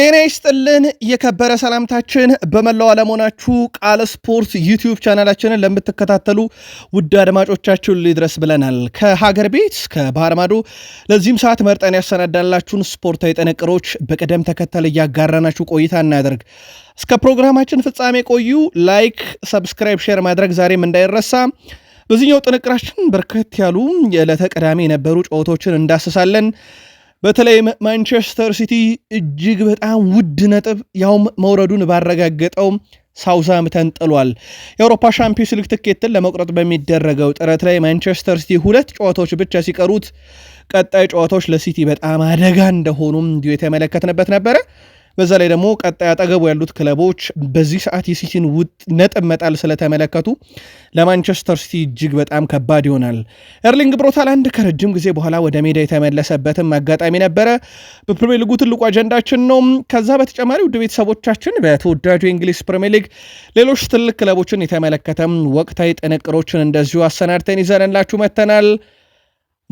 ጤና ይስጥልን የከበረ ሰላምታችን በመላው አለመሆናችሁ ቃል ስፖርት ዩቲዩብ ቻናላችንን ለምትከታተሉ ውድ አድማጮቻችን ሊድረስ ብለናል። ከሀገር ቤት ባህር ማዶ ለዚህም ሰዓት መርጠን ያሰናዳላችሁን ስፖርታዊ ጥንቅሮች በቅደም ተከተል እያጋራናችሁ ቆይታ እናደርግ። እስከ ፕሮግራማችን ፍጻሜ ቆዩ። ላይክ፣ ሰብስክራይብ፣ ሼር ማድረግ ዛሬም እንዳይረሳ። በዚህኛው ጥንቅራችን በርከት ያሉ የዕለተ ቅዳሜ የነበሩ ጨዋታዎችን እንዳስሳለን። በተለይም ማንቸስተር ሲቲ እጅግ በጣም ውድ ነጥብ ያውም መውረዱን ባረጋገጠው ሳውዛምተን ጥሏል። የአውሮፓ ሻምፒዮንስ ሊግ ትኬትን ለመቁረጥ በሚደረገው ጥረት ላይ ማንቸስተር ሲቲ ሁለት ጨዋታዎች ብቻ ሲቀሩት ቀጣይ ጨዋታዎች ለሲቲ በጣም አደጋ እንደሆኑም እንዲሁ የተመለከትንበት ነበረ። በዛ ላይ ደግሞ ቀጣይ አጠገቡ ያሉት ክለቦች በዚህ ሰዓት የሲቲን ውጥ ነጥብ መጣል ስለተመለከቱ ለማንቸስተር ሲቲ እጅግ በጣም ከባድ ይሆናል። ኤርሊንግ ብሮታላንድ ከረጅም ጊዜ በኋላ ወደ ሜዳ የተመለሰበትም አጋጣሚ ነበረ። በፕሪሚየር ሊጉ ትልቁ አጀንዳችን ነው። ከዛ በተጨማሪ ውድ ቤተሰቦቻችን በተወዳጁ የእንግሊዝ ፕሪሚየር ሊግ ሌሎች ትልቅ ክለቦችን የተመለከተም ወቅታዊ ጥንቅሮችን እንደዚሁ አሰናድተን ይዘንላችሁ መተናል።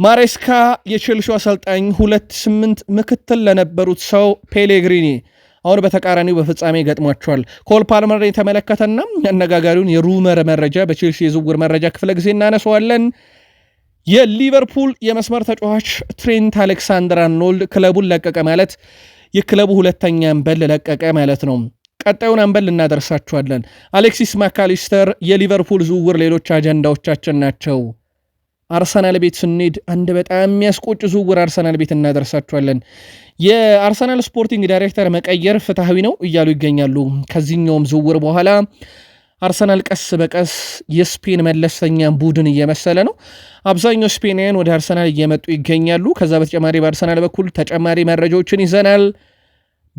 ማሬስካ የቼልሲው አሰልጣኝ ሁለት ስምንት ምክትል ለነበሩት ሰው ፔሌግሪኒ አሁን በተቃራኒው በፍጻሜ ገጥሟቸዋል። ኮል ፓልመር የተመለከተና አነጋጋሪውን የሩመር መረጃ በቼልሲ የዝውውር መረጃ ክፍለ ጊዜ እናነሰዋለን። የሊቨርፑል የመስመር ተጫዋች ትሬንት አሌክሳንደር አርኖልድ ክለቡን ለቀቀ ማለት የክለቡ ሁለተኛ አንበል ለቀቀ ማለት ነው። ቀጣዩን አንበል እናደርሳችኋለን። አሌክሲስ ማካሊስተር የሊቨርፑል ዝውውር ሌሎች አጀንዳዎቻችን ናቸው። አርሰናል ቤት ስንሄድ አንድ በጣም የሚያስቆጭ ዝውውር አርሰናል ቤት እናደርሳችኋለን። የአርሰናል ስፖርቲንግ ዳይሬክተር መቀየር ፍትሐዊ ነው እያሉ ይገኛሉ። ከዚህኛውም ዝውውር በኋላ አርሰናል ቀስ በቀስ የስፔን መለስተኛ ቡድን እየመሰለ ነው። አብዛኛው ስፔናውያን ወደ አርሰናል እየመጡ ይገኛሉ። ከዛ በተጨማሪ በአርሰናል በኩል ተጨማሪ መረጃዎችን ይዘናል።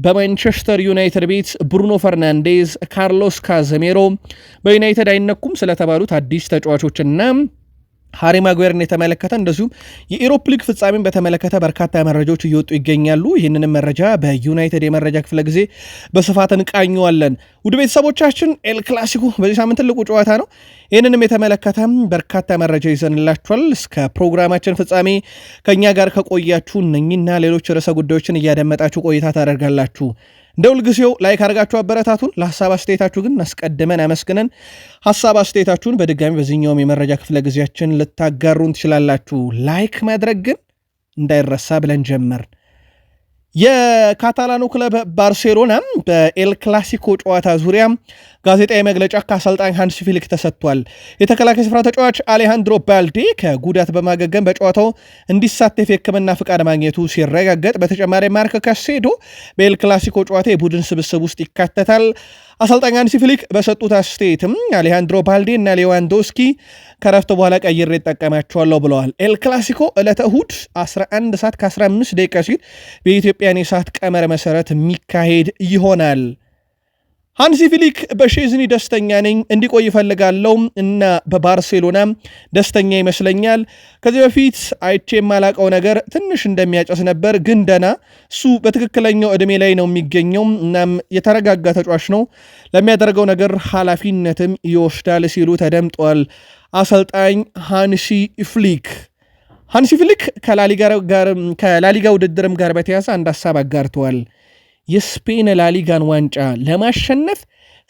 በማንቸስተር ዩናይትድ ቤት ብሩኖ ፈርናንዴዝ፣ ካርሎስ ካዘሜሮ በዩናይትድ አይነኩም ስለተባሉት አዲስ ተጫዋቾችና ሃሪ ማጓየርን የተመለከተ እንደዚሁም የኢሮፕ ሊግ ፍጻሜን በተመለከተ በርካታ መረጃዎች እየወጡ ይገኛሉ። ይህንንም መረጃ በዩናይትድ የመረጃ ክፍለ ጊዜ በስፋት እንቃኘዋለን። ውድ ቤተሰቦቻችን ኤል ክላሲኮ በዚህ ሳምንት ትልቁ ጨዋታ ነው። ይህንንም የተመለከተ በርካታ መረጃ ይዘንላችኋል። እስከ ፕሮግራማችን ፍጻሜ ከእኛ ጋር ከቆያችሁ እነኝና ሌሎች ርዕሰ ጉዳዮችን እያደመጣችሁ ቆይታ ታደርጋላችሁ። እንደ ሁልጊዜው ላይክ አድርጋችሁ አበረታቱን። ለሀሳብ አስተያየታችሁ ግን አስቀድመን አመስግነን ሀሳብ አስተያየታችሁን በድጋሚ በዚህኛውም የመረጃ ክፍለ ጊዜያችን ልታጋሩን ትችላላችሁ። ላይክ ማድረግ ግን እንዳይረሳ ብለን ጀመር። የካታላኑ ክለብ ባርሴሎና በኤል ክላሲኮ ጨዋታ ዙሪያ ጋዜጣዊ መግለጫ ከአሰልጣኝ ሃንስ ፊሊክ ተሰጥቷል። የተከላካይ ስፍራ ተጫዋች አሌሃንድሮ ባልዴ ከጉዳት በማገገም በጨዋታው እንዲሳተፍ የሕክምና ፍቃድ ማግኘቱ ሲረጋገጥ፣ በተጨማሪ ማርክ ካሴዶ በኤል ክላሲኮ ጨዋታ የቡድን ስብስብ ውስጥ ይካተታል። አሰልጣኝ ሃንስ ፊሊክ በሰጡት አስተያየትም አሌሃንድሮ ባልዴ እና ሌዋንዶስኪ ከረፍት በኋላ ቀይሬ ይጠቀማቸዋለሁ ብለዋል። ኤል ክላሲኮ ዕለተ እሁድ 11 ሰዓት ከ15 ደቂቃ ሲል በኢትዮጵያን የሰዓት ቀመር መሰረት የሚካሄድ ይሆናል። ሃንሲ ፊሊክ በሼዝኒ ደስተኛ ነኝ፣ እንዲቆይ ይፈልጋለው እና በባርሴሎና ደስተኛ ይመስለኛል። ከዚህ በፊት አይቼ የማላቀው ነገር ትንሽ እንደሚያጨስ ነበር፣ ግን ደና እሱ በትክክለኛው እድሜ ላይ ነው የሚገኘው። እናም የተረጋጋ ተጫዋች ነው፣ ለሚያደርገው ነገር ኃላፊነትም ይወስዳል ሲሉ ተደምጧል አሰልጣኝ ሃንሲ ፍሊክ። ሃንሲ ፍሊክ ከላሊጋ ውድድርም ጋር በተያዘ አንድ ሀሳብ አጋርተዋል። የስፔን ላሊጋን ዋንጫ ለማሸነፍ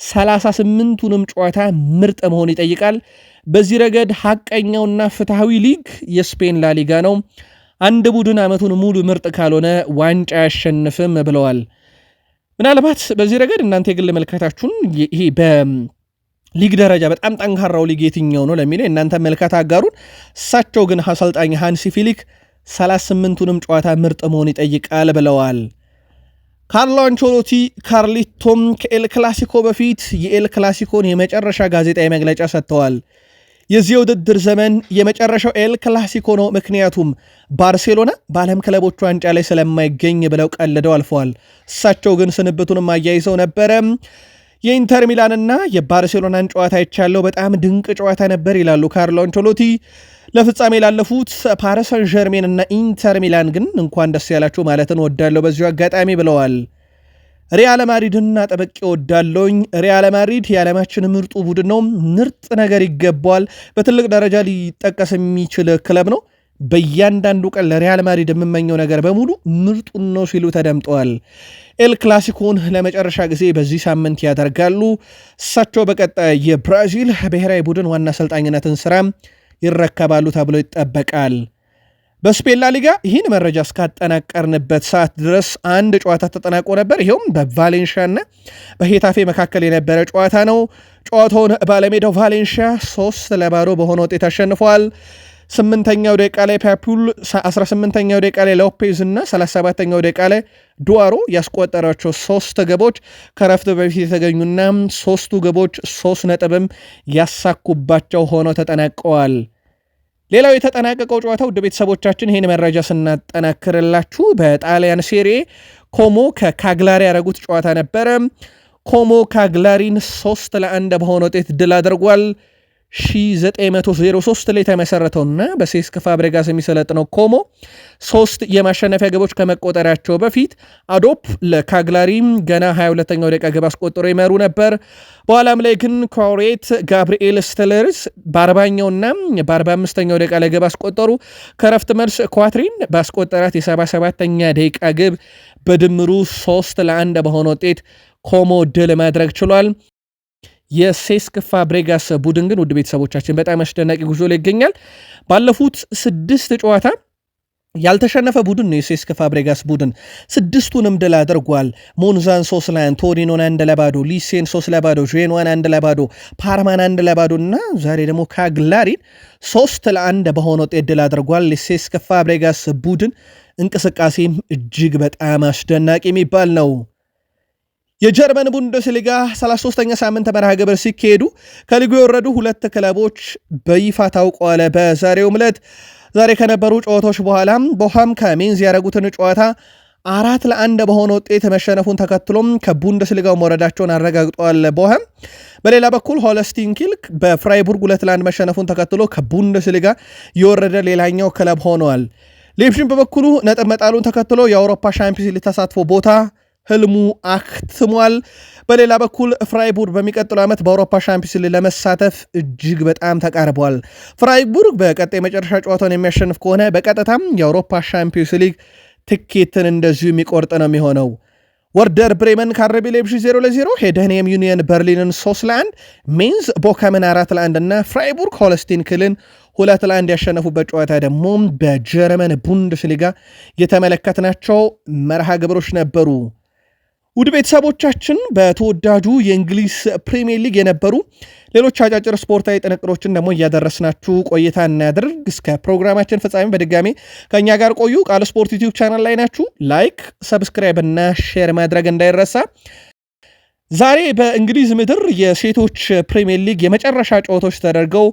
38ቱንም ጨዋታ ምርጥ መሆን ይጠይቃል። በዚህ ረገድ ሐቀኛውና ፍትሐዊ ሊግ የስፔን ላሊጋ ነው። አንድ ቡድን ዓመቱን ሙሉ ምርጥ ካልሆነ ዋንጫ አያሸንፍም ብለዋል። ምናልባት በዚህ ረገድ እናንተ የግል መልከታችሁን ይሄ በሊግ ደረጃ በጣም ጠንካራው ሊግ የትኛው ነው ለሚለው እናንተ መልከት አጋሩን። እሳቸው ግን አሰልጣኝ ሃንሲ ፊሊክ 38ቱንም ጨዋታ ምርጥ መሆን ይጠይቃል ብለዋል። ካርሎ አንቾሎቲ ካርሊቶም ከኤል ክላሲኮ በፊት የኤል ክላሲኮን የመጨረሻ ጋዜጣዊ መግለጫ ሰጥተዋል። የዚህ ውድድር ዘመን የመጨረሻው ኤል ክላሲኮ ነው፣ ምክንያቱም ባርሴሎና በዓለም ክለቦች ዋንጫ ላይ ስለማይገኝ ብለው ቀልደው አልፈዋል። እሳቸው ግን ስንብቱንም አያይዘው ነበረ። የኢንተር ሚላንና የባርሴሎናን ጨዋታ ይቻለው በጣም ድንቅ ጨዋታ ነበር ይላሉ ካርሎ አንቸሎቲ። ለፍጻሜ ላለፉት ፓሪሰን ጀርሜን እና ኢንተር ሚላን ግን እንኳን ደስ ያላችሁ ማለትን ወዳለሁ በዚሁ አጋጣሚ ብለዋል። ሪያል ማድሪድና ጠበቅ ወዳለውኝ ሪያል ማድሪድ የዓለማችን ምርጡ ቡድን ነው። ምርጥ ነገር ይገባዋል። በትልቅ ደረጃ ሊጠቀስ የሚችል ክለብ ነው። በእያንዳንዱ ቀን ለሪያል ማድሪድ የምመኘው ነገር በሙሉ ምርጡን ነው ሲሉ ተደምጠዋል። ኤል ክላሲኮን ለመጨረሻ ጊዜ በዚህ ሳምንት ያደርጋሉ። እሳቸው በቀጣይ የብራዚል ብሔራዊ ቡድን ዋና አሰልጣኝነትን ስራ ይረከባሉ ተብሎ ይጠበቃል። በስፔን ላሊጋ ሊጋ ይህን መረጃ እስካጠናቀርንበት ሰዓት ድረስ አንድ ጨዋታ ተጠናቆ ነበር። ይኸውም በቫሌንሺያና በሄታፌ መካከል የነበረ ጨዋታ ነው። ጨዋታውን ባለሜዳው ቫሌንሺያ ሶስት ለባዶ በሆነ ውጤት አሸንፏል። ስምንተኛው ደቂቃ ላይ ፓፑል፣ 18ኛው ደቂቃ ላይ ሎፔዝ እና 37ኛው ደቂቃ ላይ ዱዋሮ ያስቆጠሯቸው ሶስት ግቦች ከረፍት በፊት የተገኙና ሶስቱ ግቦች ሶስት ነጥብም ያሳኩባቸው ሆነው ተጠናቀዋል። ሌላው የተጠናቀቀው ጨዋታ ውድ ቤተሰቦቻችን ይህን መረጃ ስናጠናክርላችሁ በጣሊያን ሴሬ ኮሞ ከካግላሪ ያደረጉት ጨዋታ ነበረ። ኮሞ ካግላሪን ሶስት ለአንድ በሆነ ውጤት ድል አድርጓል። 1903 ላይ የተመሰረተውና በሴስክ ፋብሬጋስ የሚሰለጥነው ኮሞ ሶስት የማሸነፊያ ግቦች ከመቆጠሪያቸው በፊት አዶፕ ለካግላሪም ገና 22ኛው ደቂቃ ግብ አስቆጥሮ ይመሩ ነበር። በኋላም ላይ ግን ኮሬት ጋብርኤል ስተለርስ በ40ኛውና በ45ኛው ደቂቃ ላይ ግብ አስቆጠሩ። ከረፍት መልስ ኳትሪን ባስቆጠራት የ77ኛ ደቂቃ ግብ በድምሩ ሶስት ለአንድ በሆነ ውጤት ኮሞ ድል ማድረግ ችሏል። የሴስክ ፋብሬጋስ ቡድን ግን ውድ ቤተሰቦቻችን በጣም አስደናቂ ጉዞ ላይ ይገኛል። ባለፉት ስድስት ጨዋታ ያልተሸነፈ ቡድን ነው የሴስክ ፋብሬጋስ ቡድን። ስድስቱንም ድል አድርጓል። ሞንዛን ሶስት ለአንድ፣ ቶሪኖን አንድ ለባዶ፣ ሊሴን ሶስት ለባዶ፣ ዤንዋን አንድ ለባዶ፣ ፓርማን አንድ ለባዶ እና ዛሬ ደግሞ ካግላሪን ሶስት ለአንድ በሆነ ውጤት ድል አድርጓል። የሴስክ ፋብሬጋስ ቡድን እንቅስቃሴም እጅግ በጣም አስደናቂ የሚባል ነው። የጀርመን ቡንደስሊጋ 33ኛ ሳምንት መርሃ ግብር ሲካሄዱ ከሊጉ የወረዱ ሁለት ክለቦች በይፋ ታውቋል። በዛሬው ዕለት ዛሬ ከነበሩ ጨዋታዎች በኋላም ቦሃም ከሜንዝ ያደረጉትን ጨዋታ አራት ለአንድ በሆነ ውጤት መሸነፉን ተከትሎም ከቡንደስሊጋው መውረዳቸውን አረጋግጧል። ቦሃም በሌላ በኩል ሆለስቲን ኪልክ በፍራይቡርግ ሁለት ለአንድ መሸነፉን ተከትሎ ከቡንደስሊጋ የወረደ ሌላኛው ክለብ ሆነዋል። ሌፕሽን በበኩሉ ነጥብ መጣሉን ተከትሎ የአውሮፓ ሻምፒዮንስ ሊግ ተሳትፎ ቦታ ህልሙ አክትሟል። በሌላ በኩል ፍራይቡርግ በሚቀጥለው ዓመት በአውሮፓ ሻምፒዮንስ ሊግ ለመሳተፍ እጅግ በጣም ተቃርቧል። ፍራይቡርግ በቀጣይ መጨረሻ ጨዋታውን የሚያሸንፍ ከሆነ በቀጥታም የአውሮፓ ሻምፒዮንስ ሊግ ትኬትን እንደዚሁ የሚቆርጥ ነው የሚሆነው። ወርደር ብሬመን ካረቢ ሌፕሺግ 0 ለ0፣ ሄደንየም ዩኒየን በርሊንን 3 ለ1፣ ሜንዝ ቦከምን 4 ለ1 እና ፍራይቡርግ ሆለስቲን ክልን ሁለት ለአንድ ያሸነፉበት ጨዋታ ደግሞ በጀርመን ቡንደስሊጋ የተመለከትናቸው መርሃ ግብሮች ነበሩ። ውድ ቤተሰቦቻችን በተወዳጁ የእንግሊዝ ፕሪሚየር ሊግ የነበሩ ሌሎች አጫጭር ስፖርታዊ ጥንቅሮችን ደግሞ እያደረስናችሁ ቆይታ እናድርግ። እስከ ፕሮግራማችን ፍጻሜ በድጋሜ ከእኛ ጋር ቆዩ። ቃል ስፖርት ዩቲዩብ ቻናል ላይ ናችሁ። ላይክ፣ ሰብስክራይብ እና ሼር ማድረግ እንዳይረሳ። ዛሬ በእንግሊዝ ምድር የሴቶች ፕሪሚየር ሊግ የመጨረሻ ጨዋታዎች ተደርገው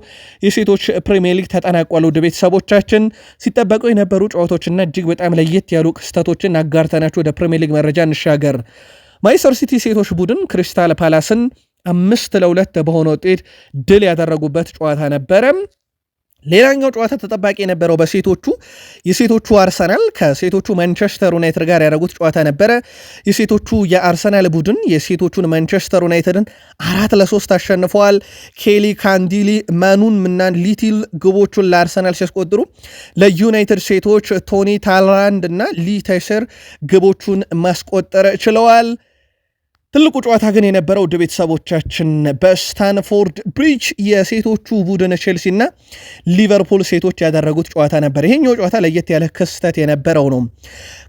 የሴቶች ፕሪሚየር ሊግ ተጠናቋል። ውድ ቤተሰቦቻችን ሲጠበቁ የነበሩ ጨዋታዎችና እጅግ በጣም ለየት ያሉ ክስተቶችን አጋርተናችሁ ወደ ፕሪሚየር ሊግ መረጃ እንሻገር። ማንቸስተር ሲቲ ሴቶች ቡድን ክሪስታል ፓላስን አምስት ለሁለት በሆነ ውጤት ድል ያደረጉበት ጨዋታ ነበረ። ሌላኛው ጨዋታ ተጠባቂ የነበረው በሴቶቹ የሴቶቹ አርሰናል ከሴቶቹ ማንቸስተር ዩናይትድ ጋር ያደረጉት ጨዋታ ነበረ። የሴቶቹ የአርሰናል ቡድን የሴቶቹን ማንቸስተር ዩናይትድን አራት ለሶስት አሸንፈዋል። ኬሊ ካንዲሊ፣ መኑን ምና ሊቲል ግቦቹን ለአርሰናል ሲያስቆጥሩ ለዩናይትድ ሴቶች ቶኒ ታልራንድ እና ሊ ግቦቹን ማስቆጠር ችለዋል። ትልቁ ጨዋታ ግን የነበረው ውድ ቤተሰቦቻችን በስታንፎርድ ብሪጅ የሴቶቹ ቡድን እና ሊቨርፑል ሴቶች ያደረጉት ጨዋታ ነበር። ይሄኛው ጨዋታ ለየት ያለ ክስተት የነበረው ነው።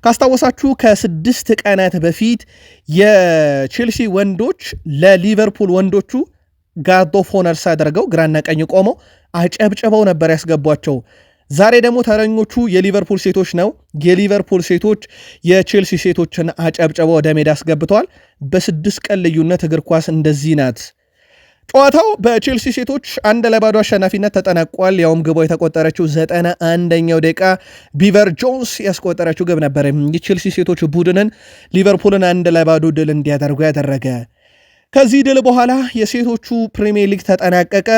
ካስታወሳችሁ ከስድስት ቀናት በፊት የቼልሲ ወንዶች ለሊቨርፑል ወንዶቹ ጋርድ ኦፍ አድርገው ግራና ቀኝ ቆመው አጨብጭበው ነበር ያስገቧቸው። ዛሬ ደግሞ ተረኞቹ የሊቨርፑል ሴቶች ነው። የሊቨርፑል ሴቶች የቼልሲ ሴቶችን አጨብጨበ ወደ ሜዳ አስገብተዋል። በስድስት ቀን ልዩነት እግር ኳስ እንደዚህ ናት። ጨዋታው በቼልሲ ሴቶች አንድ ለባዶ አሸናፊነት ተጠናቋል። ያውም ግቧ የተቆጠረችው ዘጠና አንደኛው ደቂቃ ቢቨር ጆንስ ያስቆጠረችው ግብ ነበር የቼልሲ ሴቶች ቡድንን ሊቨርፑልን አንድ ለባዶ ድል እንዲያደርጉ ያደረገ ከዚህ ድል በኋላ የሴቶቹ ፕሪሚየር ሊግ ተጠናቀቀ።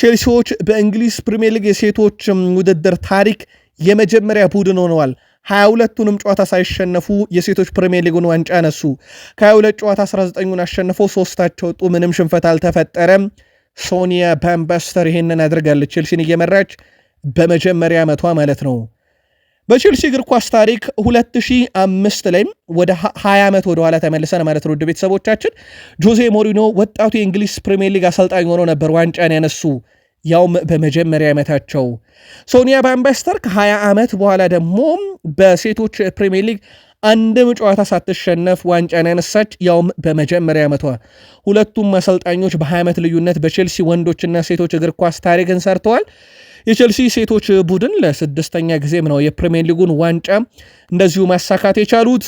ቼልሲዎች በእንግሊዝ ፕሪሚየር ሊግ የሴቶች ውድድር ታሪክ የመጀመሪያ ቡድን ሆነዋል። 22ቱንም ጨዋታ ሳይሸነፉ የሴቶች ፕሪሚየር ሊግን ዋንጫ ነሱ። ከ22 ጨዋታ 19ን አሸንፈው ሶስታቸው ወጡ። ምንም ሽንፈት አልተፈጠረም። ሶኒያ ባምባስተር ይህንን አድርጋለች፣ ቼልሲን እየመራች በመጀመሪያ ዓመቷ ማለት ነው። በቼልሲ እግር ኳስ ታሪክ 2005 ላይ ወደ 20 ዓመት ወደኋላ ተመልሰን ማለት ነው ውድ ቤተሰቦቻችን፣ ጆዜ ሞሪኖ ወጣቱ የእንግሊዝ ፕሪሚየር ሊግ አሰልጣኝ ሆኖ ነበር ዋንጫን ያነሱ ያውም በመጀመሪያ ዓመታቸው። ሶኒያ ባምባስተር ከ20 ዓመት በኋላ ደግሞ በሴቶች ፕሪሚየር ሊግ አንድም ጨዋታ ሳትሸነፍ ዋንጫን ያነሳች ያውም በመጀመሪያ ዓመቷ። ሁለቱም አሰልጣኞች በ20 ዓመት ልዩነት በቼልሲ ወንዶችና ሴቶች እግር ኳስ ታሪክን ሰርተዋል። የቼልሲ ሴቶች ቡድን ለስድስተኛ ጊዜም ነው የፕሪሚየር ሊጉን ዋንጫ እንደዚሁ ማሳካት የቻሉት።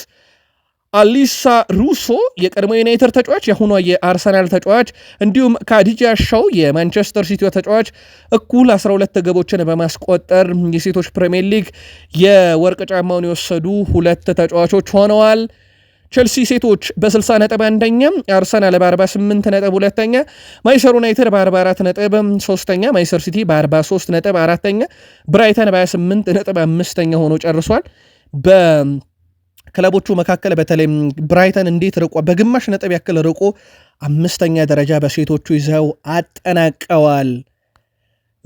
አሊሳ ሩሶ የቀድሞ ዩናይትድ ተጫዋች የአሁኗ የአርሰናል ተጫዋች እንዲሁም ካዲጃ ሻው የማንቸስተር ሲቲ ተጫዋች እኩል 12 ግቦችን በማስቆጠር የሴቶች ፕሪሚየር ሊግ የወርቅ ጫማውን የወሰዱ ሁለት ተጫዋቾች ሆነዋል። ቸልሲ ሴቶች በ60 ነጥብ አንደኛ፣ አርሰናል በ48 ነጥብ ሁለተኛ፣ ማይሰር ዩናይትድ በ44 ነጥብ ሶስተኛ፣ ማይሰር ሲቲ በ43 ነጥብ አራተኛ፣ ብራይተን በ28 ነጥብ አምስተኛ ሆኖ ጨርሷል። በክለቦቹ መካከል በተለይ ብራይተን እንዴት ርቆ በግማሽ ነጥብ ያክል ርቆ አምስተኛ ደረጃ በሴቶቹ ይዘው አጠናቀዋል።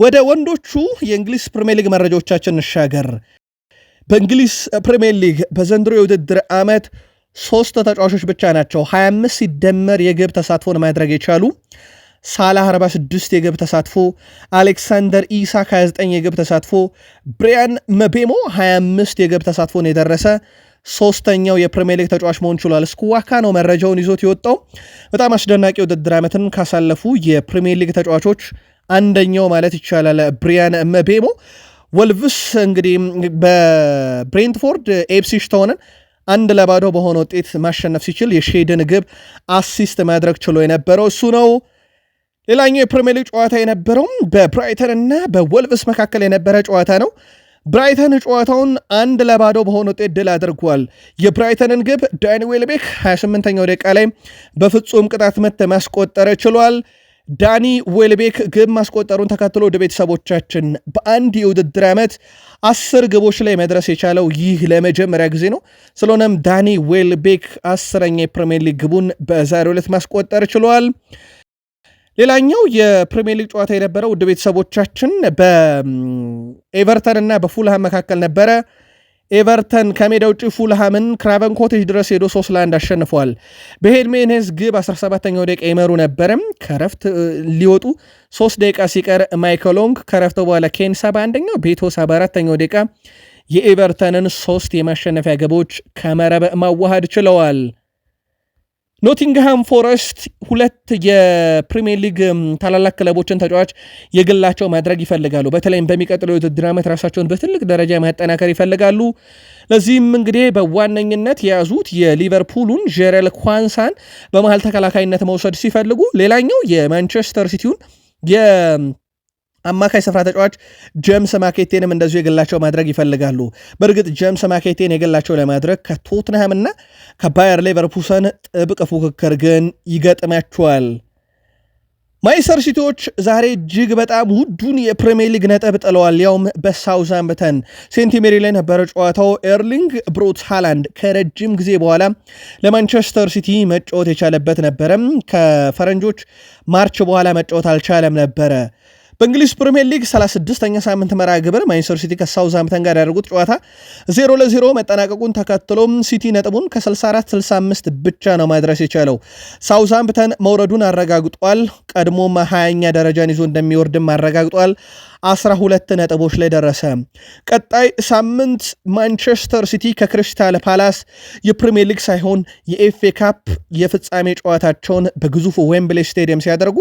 ወደ ወንዶቹ የእንግሊዝ ፕሪሚየር ሊግ መረጃዎቻችን እንሻገር። በእንግሊዝ ፕሪሚየር ሊግ በዘንድሮ የውድድር ዓመት ሶስት ተጫዋቾች ብቻ ናቸው 25 ሲደመር የግብ ተሳትፎን ማድረግ የቻሉ ሳላህ 46 የግብ ተሳትፎ፣ አሌክሳንደር ኢሳክ 29 የግብ ተሳትፎ፣ ብሪያን መቤሞ 25 የግብ ተሳትፎን የደረሰ ሶስተኛው የፕሪሚየር ሊግ ተጫዋች መሆን ችሏል። ስኩዋካ ነው መረጃውን ይዞት የወጣው። በጣም አስደናቂ ውድድር ዓመትን ካሳለፉ የፕሪሚየር ሊግ ተጫዋቾች አንደኛው ማለት ይቻላል ብሪያን መቤሞ። ወልቭስ እንግዲህ በብሬንትፎርድ ኤፕሲሽ ተሆነን አንድ ለባዶ በሆነ ውጤት ማሸነፍ ሲችል የሼድን ግብ አሲስት ማድረግ ችሎ የነበረው እሱ ነው። ሌላኛው የፕሪሚየር ሊግ ጨዋታ የነበረውም በብራይተን እና በወልቭስ መካከል የነበረ ጨዋታ ነው። ብራይተን ጨዋታውን አንድ ለባዶ በሆነ ውጤት ድል አድርጓል። የብራይተንን ግብ ዳኒ ዌልቤክ 28ኛው ደቂቃ ላይ በፍጹም ቅጣት ምት ማስቆጠር ችሏል። ዳኒ ዌልቤክ ግብ ማስቆጠሩን ተከትሎ ወደ ቤተሰቦቻችን በአንድ የውድድር ዓመት አስር ግቦች ላይ መድረስ የቻለው ይህ ለመጀመሪያ ጊዜ ነው። ስለሆነም ዳኒ ዌልቤክ አስረኛ የፕሪምየር ሊግ ግቡን በዛሬው ዕለት ማስቆጠር ችሏል። ሌላኛው የፕሪምየር ሊግ ጨዋታ የነበረው ውድ ቤተሰቦቻችን በኤቨርተን እና በፉልሃም መካከል ነበረ። ኤቨርተን ከሜዳ ውጭ ፉልሃምን ክራቨን ኮቴጅ ድረስ ሄዶ ሶስት ለአንድ አሸንፏል። በሄድሜኔዝ ግብ 17ኛው ደቂቃ ይመሩ ነበርም ከረፍት ሊወጡ ሶስት ደቂቃ ሲቀር ማይከሎንግ ከረፍት በኋላ ኬንሳ በአንደኛው ቤቶሳ በአራተኛው ደቂቃ የኤቨርተንን ሶስት የማሸነፊያ ግቦች ከመረብ ማዋሃድ ችለዋል። ኖቲንግሃም ፎረስት ሁለት የፕሪሚየር ሊግ ታላላቅ ክለቦችን ተጫዋች የግላቸው ማድረግ ይፈልጋሉ። በተለይም በሚቀጥለው የውድድር ዓመት ራሳቸውን በትልቅ ደረጃ ማጠናከር ይፈልጋሉ። ለዚህም እንግዲህ በዋነኝነት የያዙት የሊቨርፑሉን ጀረል ኳንሳን በመሀል ተከላካይነት መውሰድ ሲፈልጉ፣ ሌላኛው የማንቸስተር ሲቲውን አማካይ ስፍራ ተጫዋች ጀምስ ማኬቴንም እንደዚሁ የግላቸው ማድረግ ይፈልጋሉ። በእርግጥ ጀምስ ማኬቴን የግላቸው ለማድረግ ከቶትንሃምና ከባየር ሌቨርፑሰን ጥብቅ ፉክክር ግን ይገጥማቸዋል። ማይሰር ሲቲዎች ዛሬ እጅግ በጣም ውዱን የፕሪሚየር ሊግ ነጥብ ጥለዋል፣ ያውም በሳውዛምፕተን ሴንት ሜሪ ላይ ነበረ ጨዋታው። ኤርሊንግ ብሮት ሃላንድ ከረጅም ጊዜ በኋላ ለማንቸስተር ሲቲ መጫወት የቻለበት ነበረም። ከፈረንጆች ማርች በኋላ መጫወት አልቻለም ነበረ። በእንግሊዝ ፕሪምየር ሊግ 36ኛ ሳምንት መርሃ ግብር ማንቸስተር ሲቲ ከሳውዝሃምፕተን ጋር ያደርጉት ጨዋታ 0 ለ0 መጠናቀቁን ተከትሎም ሲቲ ነጥቡን ከ64 65 ብቻ ነው ማድረስ የቻለው። ሳውዝሃምፕተን መውረዱን አረጋግጧል። ቀድሞ 20ኛ ደረጃን ይዞ እንደሚወርድም አረጋግጧል። አስራ ሁለት ነጥቦች ላይ ደረሰ። ቀጣይ ሳምንት ማንቸስተር ሲቲ ከክሪስታል ፓላስ የፕሪሚየር ሊግ ሳይሆን የኤፍኤ ካፕ የፍጻሜ ጨዋታቸውን በግዙፉ ዌምብሌ ስቴዲየም ሲያደርጉ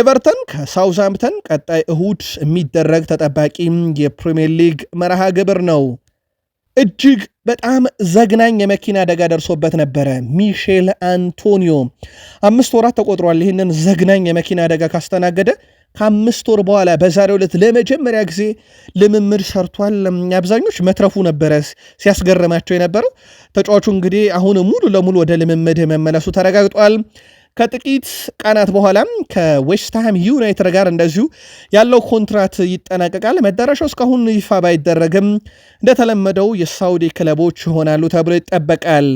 ኤቨርተን ከሳውዝሃምፕተን ቀጣይ እሁድ የሚደረግ ተጠባቂ የፕሪሚየር ሊግ መርሃ ግብር ነው። እጅግ በጣም ዘግናኝ የመኪና አደጋ ደርሶበት ነበረ ሚሼል አንቶኒዮ። አምስት ወራት ተቆጥሯል ይህንን ዘግናኝ የመኪና አደጋ ካስተናገደ ከአምስት ወር በኋላ በዛሬው ዕለት ለመጀመሪያ ጊዜ ልምምድ ሰርቷል። አብዛኞች መትረፉ ነበረ ሲያስገርማቸው የነበረው። ተጫዋቹ እንግዲህ አሁን ሙሉ ለሙሉ ወደ ልምምድ መመለሱ ተረጋግጧል። ከጥቂት ቀናት በኋላም ከዌስትሃም ዩናይትድ ጋር እንደዚሁ ያለው ኮንትራት ይጠናቀቃል። መዳረሻው እስካሁን ይፋ ባይደረግም እንደተለመደው የሳውዲ ክለቦች ይሆናሉ ተብሎ ይጠበቃል።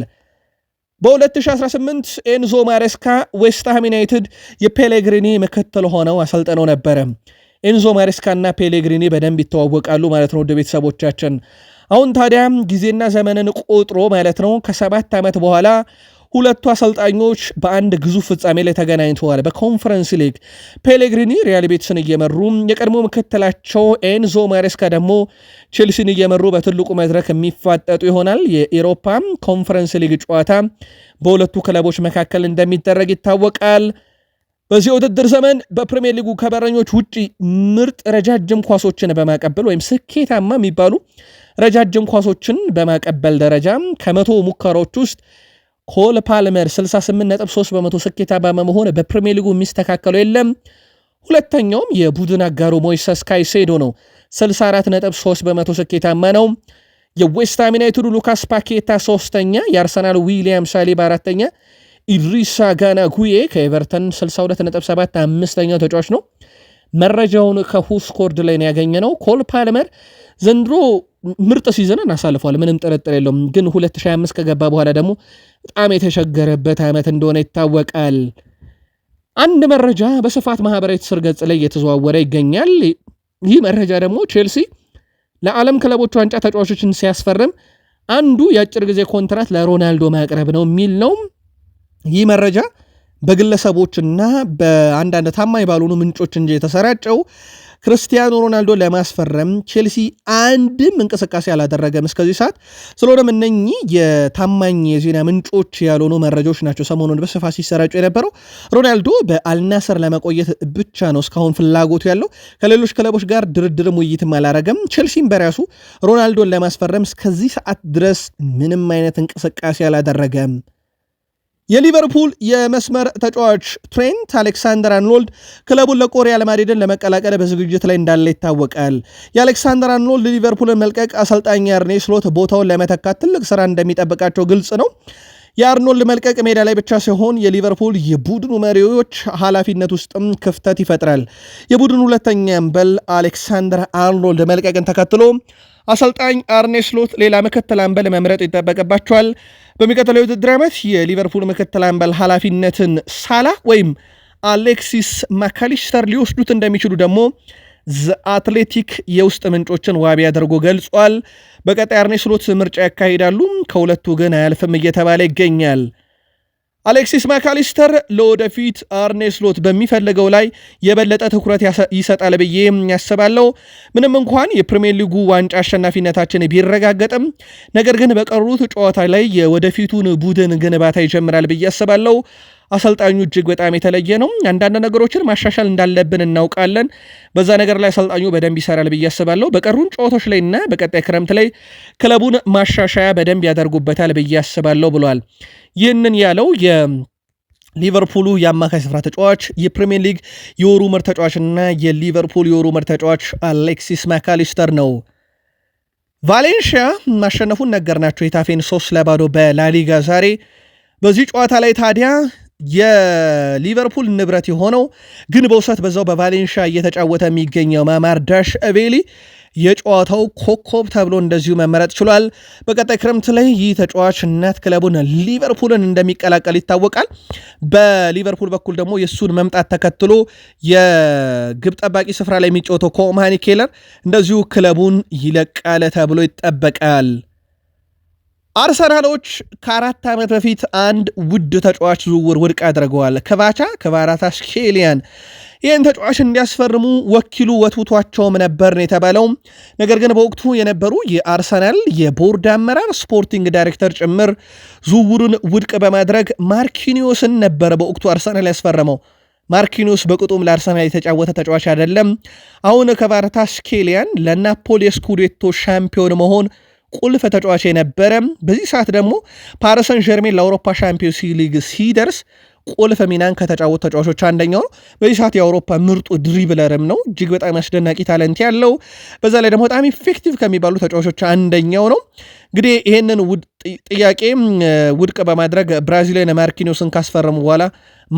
በ2018 ኤንዞ ማሬስካ ዌስትሃም ዩናይትድ የፔሌግሪኒ ምክትል ሆነው አሰልጥነው ነበረ። ኤንዞ ማሬስካ እና ፔሌግሪኒ በደንብ ይተዋወቃሉ ማለት ነው። ወደ ቤተሰቦቻችን አሁን ታዲያ ጊዜና ዘመንን ቆጥሮ ማለት ነው ከሰባት ዓመት በኋላ ሁለቱ አሰልጣኞች በአንድ ግዙፍ ፍጻሜ ላይ ተገናኝተዋል። በኮንፈረንስ ሊግ ፔሌግሪኒ ሪያል ቤትስን እየመሩ የቀድሞ ምክትላቸው ኤንዞ ማሬስካ ደግሞ ቼልሲን እየመሩ በትልቁ መድረክ የሚፋጠጡ ይሆናል። የኤሮፓ ኮንፈረንስ ሊግ ጨዋታ በሁለቱ ክለቦች መካከል እንደሚደረግ ይታወቃል። በዚህ ውድድር ዘመን በፕሪምየር ሊጉ ከበረኞች ውጪ ምርጥ ረጃጅም ኳሶችን በማቀበል ወይም ስኬታማ የሚባሉ ረጃጅም ኳሶችን በማቀበል ደረጃ ከመቶ ሙከራዎች ውስጥ ኮል ፓልመር 68.3 በመቶ ስኬታማ በመሆን በፕሪሚየር ሊጉ የሚስተካከለው የለም። ሁለተኛውም የቡድን አጋሩ ሞይሰስ ካይሴዶ ነው፣ 64.3 በመቶ ስኬታማ ነው። የዌስትሃም ዩናይትዱ ሉካስ ፓኬታ ሶስተኛ፣ የአርሰናል ዊሊያም ሳሊባ አራተኛ፣ ኢድሪሳ ጋና ጉዬ ከኤቨርተን 62.7 አምስተኛው ተጫዋች ነው። መረጃውን ከሁስኮርድ ላይ ነው ያገኘ ነው። ኮል ፓልመር ዘንድሮ ምርጥ ሲዝን አሳልፏል፣ ምንም ጥርጥር የለውም። ግን 2025 ከገባ በኋላ ደግሞ በጣም የተቸገረበት ዓመት እንደሆነ ይታወቃል። አንድ መረጃ በስፋት ማህበራዊ ትስስር ገጽ ላይ እየተዘዋወረ ይገኛል። ይህ መረጃ ደግሞ ቼልሲ ለዓለም ክለቦች ዋንጫ ተጫዋቾችን ሲያስፈርም አንዱ የአጭር ጊዜ ኮንትራት ለሮናልዶ ማቅረብ ነው የሚል ነው። ይህ መረጃ በግለሰቦችና በአንዳንድ ታማኝ ባልሆኑ ምንጮች እንጂ የተሰራጨው ክርስቲያኖ ሮናልዶ ለማስፈረም ቼልሲ አንድም እንቅስቃሴ አላደረገም እስከዚህ ሰዓት። ስለሆነም እነኚህ የታማኝ የዜና ምንጮች ያልሆኑ መረጃዎች ናቸው ሰሞኑን በስፋት ሲሰራጩ የነበረው። ሮናልዶ በአልናሰር ለመቆየት ብቻ ነው እስካሁን ፍላጎቱ ያለው። ከሌሎች ክለቦች ጋር ድርድርም ውይይትም አላረገም። ቼልሲም በራሱ ሮናልዶን ለማስፈረም እስከዚህ ሰዓት ድረስ ምንም አይነት እንቅስቃሴ አላደረገም። የሊቨርፑል የመስመር ተጫዋች ትሬንት አሌክሳንደር አንሎልድ ክለቡን ለቆ ሪያል ማድሪድን ለመቀላቀል በዝግጅት ላይ እንዳለ ይታወቃል። የአሌክሳንደር አንሎልድ ሊቨርፑልን መልቀቅ አሰልጣኝ አርኔ ስሎት ቦታውን ለመተካት ትልቅ ስራ እንደሚጠብቃቸው ግልጽ ነው። የአርኖልድ መልቀቅ ሜዳ ላይ ብቻ ሲሆን የሊቨርፑል የቡድኑ መሪዎች ኃላፊነት ውስጥም ክፍተት ይፈጥራል። የቡድኑ ሁለተኛ አምበል አሌክሳንደር አርኖልድ መልቀቅን ተከትሎ አሰልጣኝ አርኔ ስሎት ሌላ ምክትል አምበል መምረጥ ይጠበቅባቸዋል። በሚቀጥለው የውድድር ዓመት የሊቨርፑል ምክትል አምበል ኃላፊነትን ሳላ ወይም አሌክሲስ ማካሊስተር ሊወስዱት እንደሚችሉ ደግሞ አትሌቲክ የውስጥ ምንጮችን ዋቢ አድርጎ ገልጿል። በቀጣይ አርኔ ስሎት ምርጫ ያካሂዳሉ፣ ከሁለቱ ግን አያልፍም እየተባለ ይገኛል። አሌክሲስ ማካሊስተር ለወደፊት አርኔ ስሎት በሚፈልገው ላይ የበለጠ ትኩረት ይሰጣል ብዬ ያስባለው ምንም እንኳን የፕሪሚየር ሊጉ ዋንጫ አሸናፊነታችን ቢረጋገጥም ነገር ግን በቀሩት ጨዋታ ላይ የወደፊቱን ቡድን ግንባታ ይጀምራል ብዬ ያስባለው አሰልጣኙ እጅግ በጣም የተለየ ነው። አንዳንድ ነገሮችን ማሻሻል እንዳለብን እናውቃለን። በዛ ነገር ላይ አሰልጣኙ በደንብ ይሰራል ብዬ አስባለሁ። በቀሩን ጨዋታዎች ላይ እና በቀጣይ ክረምት ላይ ክለቡን ማሻሻያ በደንብ ያደርጉበታል ብዬ አስባለሁ ብሏል። ይህንን ያለው የ ሊቨርፑሉ የአማካይ ስፍራ ተጫዋች የፕሪሚየር ሊግ የወሩ ምርጥ ተጫዋችና የሊቨርፑል የወሩ ምርጥ ተጫዋች አሌክሲስ ማካሊስተር ነው። ቫሌንሺያ ማሸነፉን ነገርናቸው የታፌን ሶስት ለባዶ በላሊጋ ዛሬ። በዚህ ጨዋታ ላይ ታዲያ የሊቨርፑል ንብረት የሆነው ግን በውሰት በዛው በቫሌንሻ እየተጫወተ የሚገኘው ማማር ዳሽ አቤሊ የጨዋታው ኮከብ ተብሎ እንደዚሁ መመረጥ ችሏል። በቀጣይ ክረምት ላይ ይህ ተጫዋች እናት ክለቡን ሊቨርፑልን እንደሚቀላቀል ይታወቃል። በሊቨርፑል በኩል ደግሞ የእሱን መምጣት ተከትሎ የግብ ጠባቂ ስፍራ ላይ የሚጫወተው ኮማኒ ኬለር እንደዚሁ ክለቡን ይለቃል ተብሎ ይጠበቃል። አርሰናሎች ከአራት ዓመት በፊት አንድ ውድ ተጫዋች ዝውውር ውድቅ አድርገዋል። ከባቻ ከቫራትስኬሊያን ይህን ተጫዋች እንዲያስፈርሙ ወኪሉ ወትውቷቸውም ነበር ነው የተባለው። ነገር ግን በወቅቱ የነበሩ የአርሰናል የቦርድ አመራር ስፖርቲንግ ዳይሬክተር ጭምር ዝውውሩን ውድቅ በማድረግ ማርኪኒዮስን ነበር በወቅቱ አርሰናል ያስፈረመው። ማርኪኒዮስ በቅጡም ለአርሰናል የተጫወተ ተጫዋች አይደለም። አሁን ከቫራትስኬሊያን ለናፖሊ ስኩዴቶ ሻምፒዮን መሆን ቁልፍ ተጫዋች የነበረ በዚህ ሰዓት ደግሞ ፓሪሰን ጀርሜን ለአውሮፓ ሻምፒዮንስ ሊግ ሲደርስ ቁልፍ ሚናን ከተጫወቱ ተጫዋቾች አንደኛው ነው። በዚህ ሰዓት የአውሮፓ ምርጡ ድሪብለርም ነው። እጅግ በጣም አስደናቂ ታለንት ያለው በዛ ላይ ደግሞ በጣም ኢፌክቲቭ ከሚባሉ ተጫዋቾች አንደኛው ነው። እንግዲህ ይህንን ጥያቄ ውድቅ በማድረግ ብራዚላዊ ማርኪኒዮስን ካስፈረሙ በኋላ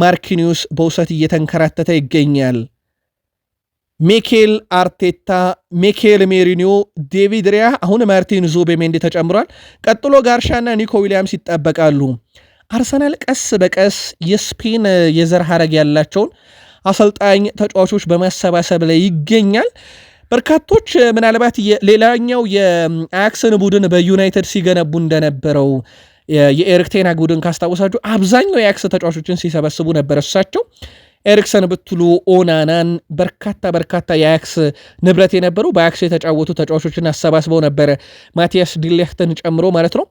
ማርኪኒዮስ በውሰት እየተንከራተተ ይገኛል። ሚኬል አርቴታ፣ ሚኬል ሜሪኒዮ፣ ዴቪድ ሪያ፣ አሁን ማርቲን ዙቤሜንዲ ተጨምሯል። ቀጥሎ ጋርሻና ኒኮ ዊሊያምስ ይጠበቃሉ። አርሰናል ቀስ በቀስ የስፔን የዘር ሀረግ ያላቸውን አሰልጣኝ ተጫዋቾች በማሰባሰብ ላይ ይገኛል። በርካቶች ምናልባት ሌላኛው የአያክስን ቡድን በዩናይትድ ሲገነቡ እንደነበረው የኤሪክ ቴን ሃግ ቡድን ካስታወሳችሁ አብዛኛው የአያክስ ተጫዋቾችን ሲሰበስቡ ነበር እሳቸው ኤሪክሰን ብትሉ ኦናናን በርካታ በርካታ የአያክስ ንብረት የነበሩ በአያክስ የተጫወቱ ተጫዋቾችን አሰባስበው ነበር ማቲያስ ዲሌክትን ጨምሮ ማለት ነው።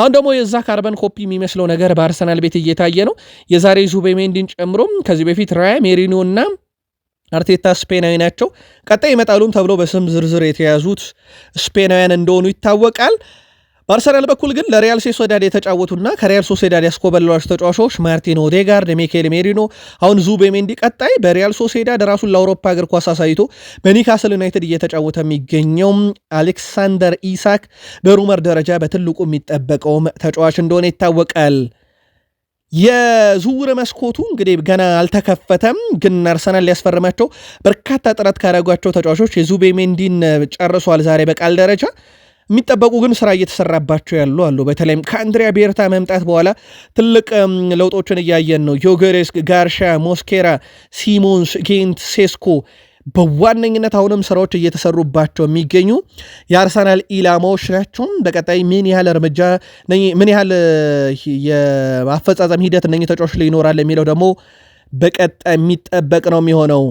አሁን ደግሞ የዛ ካርበን ኮፒ የሚመስለው ነገር በአርሰናል ቤት እየታየ ነው። የዛሬ ዙቤሜንዲን ጨምሮ ከዚህ በፊት ራያ ሜሪኖ እና አርቴታ ስፔናዊ ናቸው። ቀጣይ ይመጣሉም ተብሎ በስም ዝርዝር የተያዙት ስፔናውያን እንደሆኑ ይታወቃል። በአርሰናል በኩል ግን ለሪያል ሶሴዳድ የተጫወቱና ከሪያል ሶሴዳድ ያስኮበለሏቸው ተጫዋቾች ማርቲን ኦዴጋርድ፣ ሚኬል ሜሪኖ፣ አሁን ዙቤሜንዲ ቀጣይ በሪያል ሶሴዳድ ራሱን ለአውሮፓ እግር ኳስ አሳይቶ በኒካስል ዩናይትድ እየተጫወተ የሚገኘው አሌክሳንደር ኢሳክ በሩመር ደረጃ በትልቁ የሚጠበቀውም ተጫዋች እንደሆነ ይታወቃል። የዝውውር መስኮቱ እንግዲህ ገና አልተከፈተም፣ ግን አርሰናል ሊያስፈርማቸው በርካታ ጥረት ካደረጓቸው ተጫዋቾች የዙቤሜንዲን ጨርሷል ዛሬ በቃል ደረጃ የሚጠበቁ ግን ስራ እየተሰራባቸው ያሉ አሉ። በተለይም ከአንድሪያ ቤርታ መምጣት በኋላ ትልቅ ለውጦችን እያየን ነው። ዮገሬስክ፣ ጋርሻ፣ ሞስኬራ፣ ሲሞንስ፣ ጌንት፣ ሴስኮ በዋነኝነት አሁንም ስራዎች እየተሰሩባቸው የሚገኙ የአርሰናል ኢላማዎች ናቸው። በቀጣይ ምን ያህል እርምጃ ምን ያህል የአፈጻጸም ሂደት እነኚህ ተጫዋቾች ላይ ይኖራል የሚለው ደግሞ በቀጣይ የሚጠበቅ ነው የሚሆነው።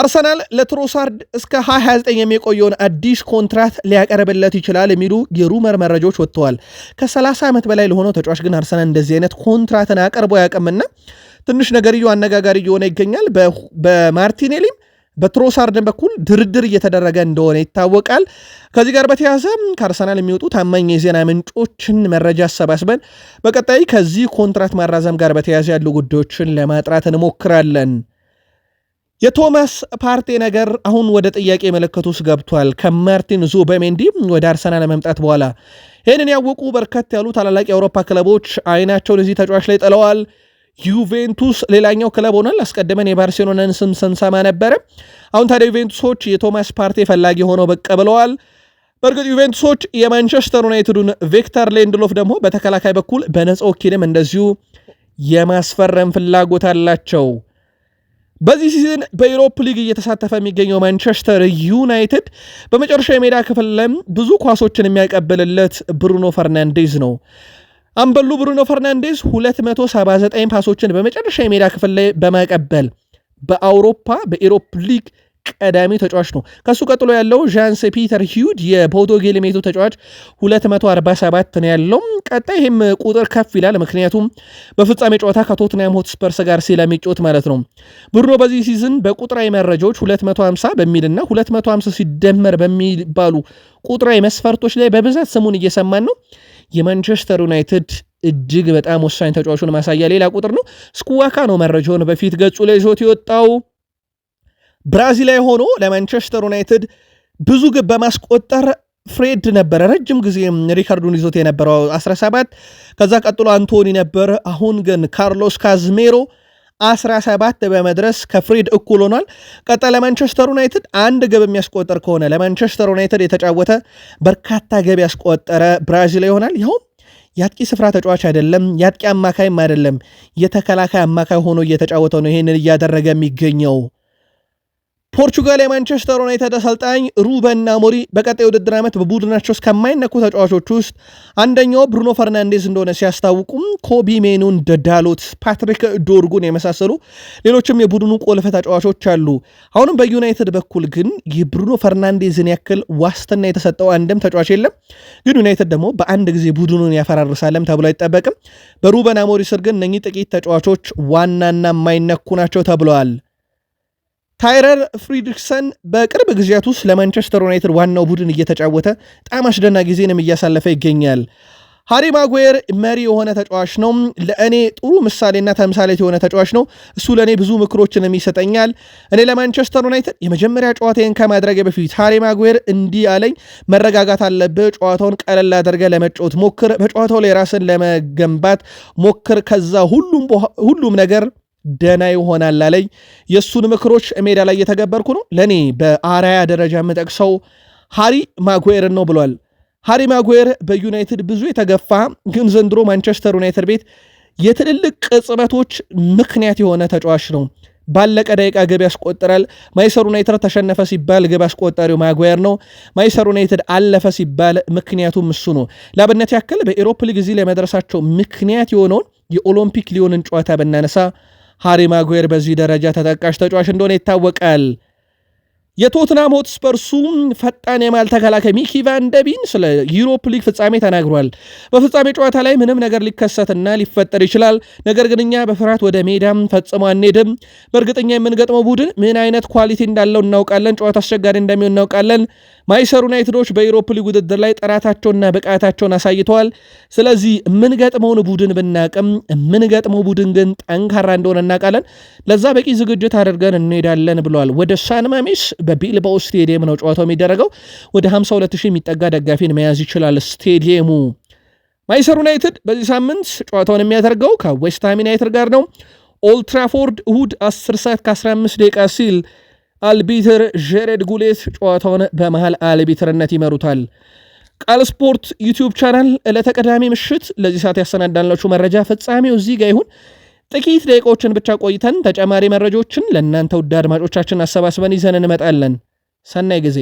አርሰናል ለትሮሳርድ እስከ 2029 የሚቆየውን አዲስ ኮንትራት ሊያቀርብለት ይችላል የሚሉ የሩመር መረጃዎች ወጥተዋል። ከ30 ዓመት በላይ ለሆነው ተጫዋች ግን አርሰናል እንደዚህ አይነት ኮንትራትን አቀርቦ ያቅምና ትንሽ ነገርዮ አነጋጋሪ እየሆነ ይገኛል። በማርቲኔሊም በትሮሳርድን በኩል ድርድር እየተደረገ እንደሆነ ይታወቃል። ከዚህ ጋር በተያዘ ከአርሰናል የሚወጡ ታማኝ የዜና ምንጮችን መረጃ አሰባስበን በቀጣይ ከዚህ ኮንትራት ማራዘም ጋር በተያያዘ ያሉ ጉዳዮችን ለማጥራት እንሞክራለን። የቶማስ ፓርቴ ነገር አሁን ወደ ጥያቄ መለከቱ ውስጥ ገብቷል። ከማርቲን ዙበሜንዲ ወደ አርሰናል ለመምጣት በኋላ ይህንን ያወቁ በርከት ያሉ ታላላቅ የአውሮፓ ክለቦች አይናቸውን እዚህ ተጫዋች ላይ ጥለዋል። ዩቬንቱስ ሌላኛው ክለብ ሆኗል። አስቀድመን የባርሴሎናን ስም ስንሰማ ነበረ። አሁን ታዲያ ዩቬንቱሶች የቶማስ ፓርቴ ፈላጊ ሆነው ብቅ ብለዋል። በእርግጥ ዩቬንቱሶች የማንቸስተር ዩናይትዱን ቪክተር ሌንድሎፍ ደግሞ በተከላካይ በኩል በነፃ ወኪልም እንደዚሁ የማስፈረም ፍላጎት አላቸው። በዚህ ሲዝን በዩሮፕ ሊግ እየተሳተፈ የሚገኘው ማንቸስተር ዩናይትድ በመጨረሻ የሜዳ ክፍል ላይ ብዙ ኳሶችን የሚያቀብልለት ብሩኖ ፈርናንዴዝ ነው። አምበሉ ብሩኖ ፈርናንዴዝ 279 ፓሶችን በመጨረሻ የሜዳ ክፍል ላይ በማቀበል በአውሮፓ በኢሮፕ ሊግ ቀዳሚ ተጫዋች ነው። ከሱ ቀጥሎ ያለው ዣንስ ፒተር ሂዩድ የቦዶ ተጫዋች 247 ነው ያለው። ቀጣይ ይህም ቁጥር ከፍ ይላል፣ ምክንያቱም በፍጻሜ ጨዋታ ከቶትናም ሆትስፐርስ ጋር ስለሚጫወት ማለት ነው። ብሩኖ በዚህ ሲዝን በቁጥራዊ መረጃዎች 250 በሚልና 250 ሲደመር በሚባሉ ቁጥራዊ መስፈርቶች ላይ በብዛት ስሙን እየሰማን ነው። የማንቸስተር ዩናይትድ እጅግ በጣም ወሳኝ ተጫዋቹን ማሳያ ሌላ ቁጥር ነው። ስኩዋካ ነው መረጃውን በፊት ገጹ ላይ ይዞት የወጣው። ብራዚል ላይ ሆኖ ለማንቸስተር ዩናይትድ ብዙ ግብ በማስቆጠር ፍሬድ ነበረ ረጅም ጊዜ ሪካርዱን ይዞት የነበረው 17 ከዛ ቀጥሎ አንቶኒ ነበር። አሁን ግን ካርሎስ ካዝሜሮ 17 በመድረስ ከፍሬድ እኩል ሆኗል። ቀጣ ለማንቸስተር ዩናይትድ አንድ ግብ የሚያስቆጠር ከሆነ ለማንቸስተር ዩናይትድ የተጫወተ በርካታ ግብ ያስቆጠረ ብራዚል ይሆናል። ይኸውም የአጥቂ ስፍራ ተጫዋች አይደለም፣ የአጥቂ አማካይም አይደለም፣ የተከላካይ አማካይ ሆኖ እየተጫወተ ነው ይህንን እያደረገ የሚገኘው ፖርቹጋል የማንቸስተር ዩናይትድ አሰልጣኝ ሩበን አሞሪ በቀጣይ ውድድር ዓመት በቡድናቸው እስከማይነኩ ተጫዋቾች ውስጥ አንደኛው ብሩኖ ፈርናንዴዝ እንደሆነ ሲያስታውቁም ኮቢ ሜኑን፣ ደዳሎት፣ ፓትሪክ ዶርጉን የመሳሰሉ ሌሎችም የቡድኑ ቁልፍ ተጫዋቾች አሉ። አሁንም በዩናይትድ በኩል ግን የብሩኖ ፈርናንዴዝን ያክል ዋስትና የተሰጠው አንድም ተጫዋች የለም። ግን ዩናይትድ ደግሞ በአንድ ጊዜ ቡድኑን ያፈራርሳለም ተብሎ አይጠበቅም። በሩበን አሞሪ ስር ግን እነኚህ ጥቂት ተጫዋቾች ዋናና የማይነኩ ናቸው ተብለዋል። ታይረር ፍሪድሪክሰን በቅርብ ጊዜያት ውስጥ ለማንቸስተር ዩናይትድ ዋናው ቡድን እየተጫወተ በጣም አስደናቂ ጊዜንም እያሳለፈ ይገኛል። ሃሪ ማጉዌር መሪ የሆነ ተጫዋች ነው። ለእኔ ጥሩ ምሳሌና ተምሳሌት የሆነ ተጫዋች ነው። እሱ ለእኔ ብዙ ምክሮችንም ይሰጠኛል። እኔ ለማንቸስተር ዩናይትድ የመጀመሪያ ጨዋታዬን ከማድረግ በፊት ሃሪ ማጉዌር እንዲህ አለኝ፣ መረጋጋት አለብህ፣ ጨዋታውን ቀለል አድርገህ ለመጫወት ሞክር፣ በጨዋታው ላይ ራስን ለመገንባት ሞክር፣ ከዛ ሁሉም ነገር ደና ይሆናል አለኝ። የእሱን ምክሮች ሜዳ ላይ እየተገበርኩ ነው። ለእኔ በአራያ ደረጃ የምጠቅሰው ሃሪ ማጉዌርን ነው ብሏል። ሃሪ ማጉዌር በዩናይትድ ብዙ የተገፋ ግን ዘንድሮ ማንቸስተር ዩናይትድ ቤት የትልልቅ ቅጽበቶች ምክንያት የሆነ ተጫዋች ነው። ባለቀ ደቂቃ ግብ ያስቆጠራል። ማይሰር ዩናይትድ ተሸነፈ ሲባል ግብ አስቆጣሪው ማጓየር ነው። ማይሰር ዩናይትድ አለፈ ሲባል ምክንያቱም እሱ ነው። ለአብነት ያክል በኤሮፕ ሊግ እዚህ ለመድረሳቸው ምክንያት የሆነውን የኦሎምፒክ ሊዮንን ጨዋታ ብናነሳ ሃሪ ማጉዌር በዚህ ደረጃ ተጠቃሽ ተጫዋች እንደሆነ ይታወቃል። የቶትናም ሆትስፐርሱ ፈጣን የማል ተከላካይ ሚኪ ቫን ደቢን ስለ ዩሮፕ ሊግ ፍጻሜ ተናግሯል። በፍጻሜ ጨዋታ ላይ ምንም ነገር ሊከሰትና ሊፈጠር ይችላል። ነገር ግን እኛ በፍርሃት ወደ ሜዳም ፈጽሞ አንሄድም። በእርግጠኛ የምንገጥመው ቡድን ምን አይነት ኳሊቲ እንዳለው እናውቃለን። ጨዋታ አስቸጋሪ እንደሚሆን እናውቃለን። ማይሰር ዩናይትዶች በዩሮፕ ሊግ ውድድር ላይ ጥራታቸውና ብቃታቸውን አሳይተዋል። ስለዚህ የምንገጥመውን ቡድን ብናቅም የምንገጥመው ቡድን ግን ጠንካራ እንደሆነ እናውቃለን። ለዛ በቂ ዝግጅት አድርገን እንሄዳለን ብለዋል። ወደ ሳንማሜስ በቢልባኦ ስቴዲየም ነው ጨዋታው የሚደረገው። ወደ 52 የሚጠጋ ደጋፊን መያዝ ይችላል ስቴዲየሙ። ማይሰር ዩናይትድ በዚህ ሳምንት ጨዋታውን የሚያደርገው ከዌስትሃም ዩናይትድ ጋር ነው። ኦልትራፎርድ እሁድ 10 ሰዓት ከ15 ደቂቃ ሲል አልቢትር ጀሬድ ጉሌት ጨዋታውን በመሃል አልቢትርነት ይመሩታል። ቃል ስፖርት ዩቲዩብ ቻናል ዕለተ ቅዳሜ ምሽት ለዚህ ሰዓት ያሰናዳላችሁ መረጃ ፍጻሜው እዚህ ጋር ይሁን። ጥቂት ደቂቃዎችን ብቻ ቆይተን ተጨማሪ መረጃዎችን ለእናንተ ውድ አድማጮቻችን አሰባስበን ይዘን እንመጣለን። ሰናይ ጊዜ